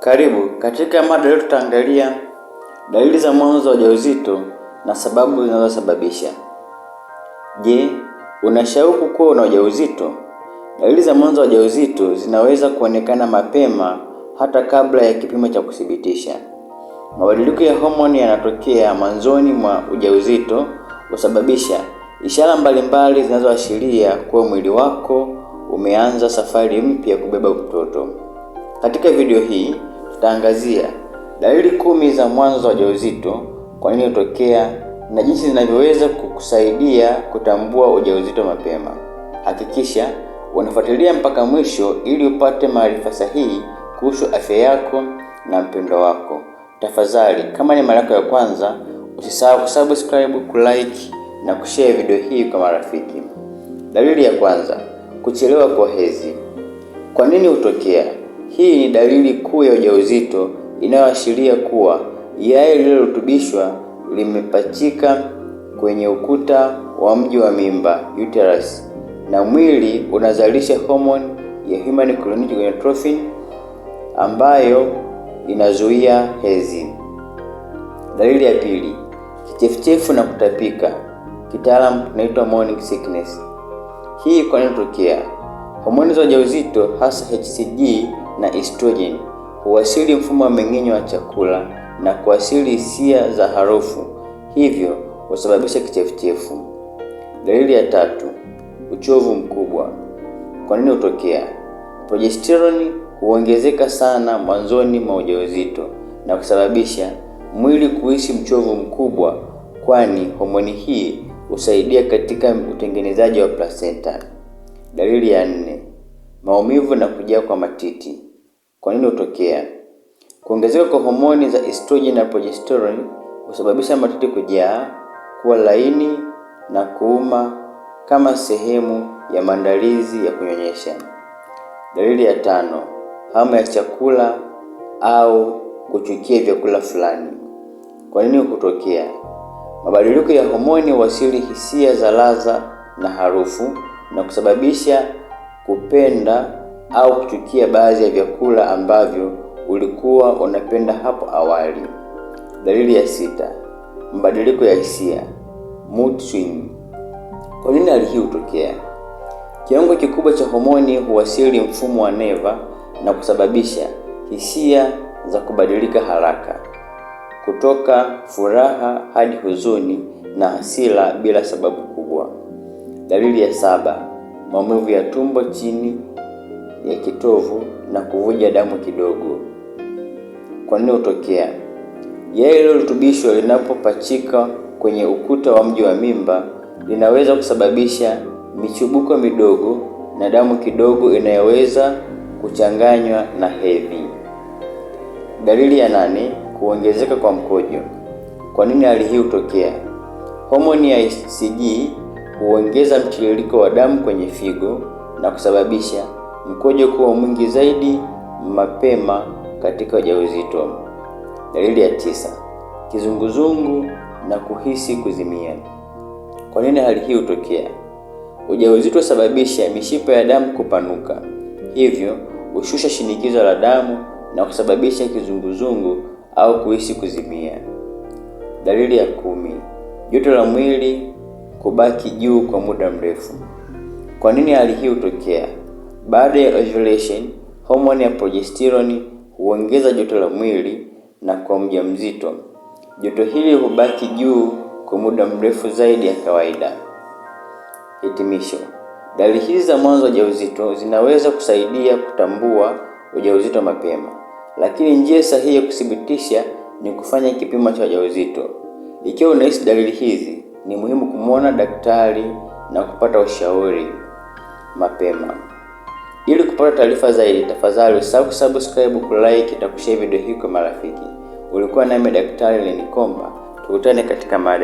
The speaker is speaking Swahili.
Karibu, katika mada leo tutaangalia dalili za mwanzo wa ujauzito na sababu zinazosababisha. Je, una shauku kuwa una ujauzito? Dalili za mwanzo wa ujauzito zinaweza kuonekana mapema hata kabla ya kipimo cha kuthibitisha. Mabadiliko ya homoni yanatokea mwanzoni mwa ujauzito husababisha ishara mbalimbali zinazoashiria kuwa mwili wako umeanza safari mpya kubeba mtoto. Katika video hii Tutaangazia dalili kumi za mwanzo wa ujauzito, kwa nini hutokea na jinsi zinavyoweza kukusaidia kutambua ujauzito mapema. Hakikisha unafuatilia mpaka mwisho ili upate maarifa sahihi kuhusu afya yako na mpendo wako. Tafadhali, kama ni mara yako ya kwanza, usisahau kusubscribe, kulike na kushare video hii kwa marafiki. Dalili ya kwanza, kuchelewa kwa hedhi. Kwa nini hutokea? Hii ni dalili kuu ya ujauzito inayoashiria kuwa yai lililorutubishwa limepachika kwenye ukuta wa mji wa mimba uterus, na mwili unazalisha homoni ya human gonadotropin ambayo inazuia hedhi. Dalili ya pili, kichefuchefu na kutapika, kitaalamu tunaitwa morning sickness. Hii kwa nini hutokea? Homoni za ujauzito hasa HCG na estrogen huasili mfumo wa mmeng'enyo wa chakula na kuasili hisia za harufu, hivyo husababisha kichefuchefu. Dalili ya tatu, uchovu mkubwa. Kwa nini hutokea? Progesterone huongezeka sana mwanzoni mwa ujauzito na kusababisha mwili kuhisi mchovu mkubwa, kwani homoni hii husaidia katika utengenezaji wa placenta. Dalili ya nne, maumivu na kujaa kwa matiti. Kwa nini hutokea? Kuongezeka kwa homoni za estrogen na progesterone husababisha matiti kujaa, kuwa laini na kuuma kama sehemu ya maandalizi ya kunyonyesha. Dalili ya tano, hamu ya chakula au kuchukia vyakula fulani. Kwa nini hutokea? Mabadiliko ya homoni huasili hisia za ladha na harufu na kusababisha kupenda au kuchukia baadhi ya vyakula ambavyo ulikuwa unapenda hapo awali. Dalili ya sita, mabadiliko ya hisia mood swing. Kwa nini hali hii hutokea? Kiwango kikubwa cha homoni huwasili mfumo wa neva na kusababisha hisia za kubadilika haraka kutoka furaha hadi huzuni na hasira bila sababu kubwa. Dalili ya saba, maumivu ya tumbo chini ya kitovu na kuvuja damu kidogo. Kwa nini hutokea? Yai lililorutubishwa linapopachika kwenye ukuta wa mji wa mimba linaweza kusababisha michubuko midogo na damu kidogo inayoweza kuchanganywa na hedhi. Dalili ya nane, kuongezeka kwa mkojo. Kwa nini hali hii hutokea? Homoni ya CG huongeza mtiririko wa damu kwenye figo na kusababisha mkojo kuwa mwingi zaidi mapema katika ujauzito. Dalili ya tisa, kizunguzungu na kuhisi kuzimia. Kwa nini hali hii hutokea? Ujauzito husababisha mishipa ya damu kupanuka, hivyo hushusha shinikizo la damu na kusababisha kizunguzungu au kuhisi kuzimia. Dalili ya kumi, joto la mwili kubaki juu kwa muda mrefu. Kwa nini hali hii hutokea? Baada ya ovulation, homoni ya progesterone huongeza joto la mwili na kwa mjamzito, joto hili hubaki juu kwa muda mrefu zaidi ya kawaida. Hitimisho. Dalili hizi za mwanzo wa ujauzito zinaweza kusaidia kutambua ujauzito mapema, lakini njia sahihi ya kuthibitisha ni kufanya kipimo cha ujauzito. Ikiwa unahisi dalili hizi, ni muhimu kumwona daktari na kupata ushauri mapema. Ili kupata taarifa zaidi, tafadhali usahau kusubscribe, kulike na kushare video hii kwa marafiki. Ulikuwa nami Daktari Lenikomba, tukutane katika mada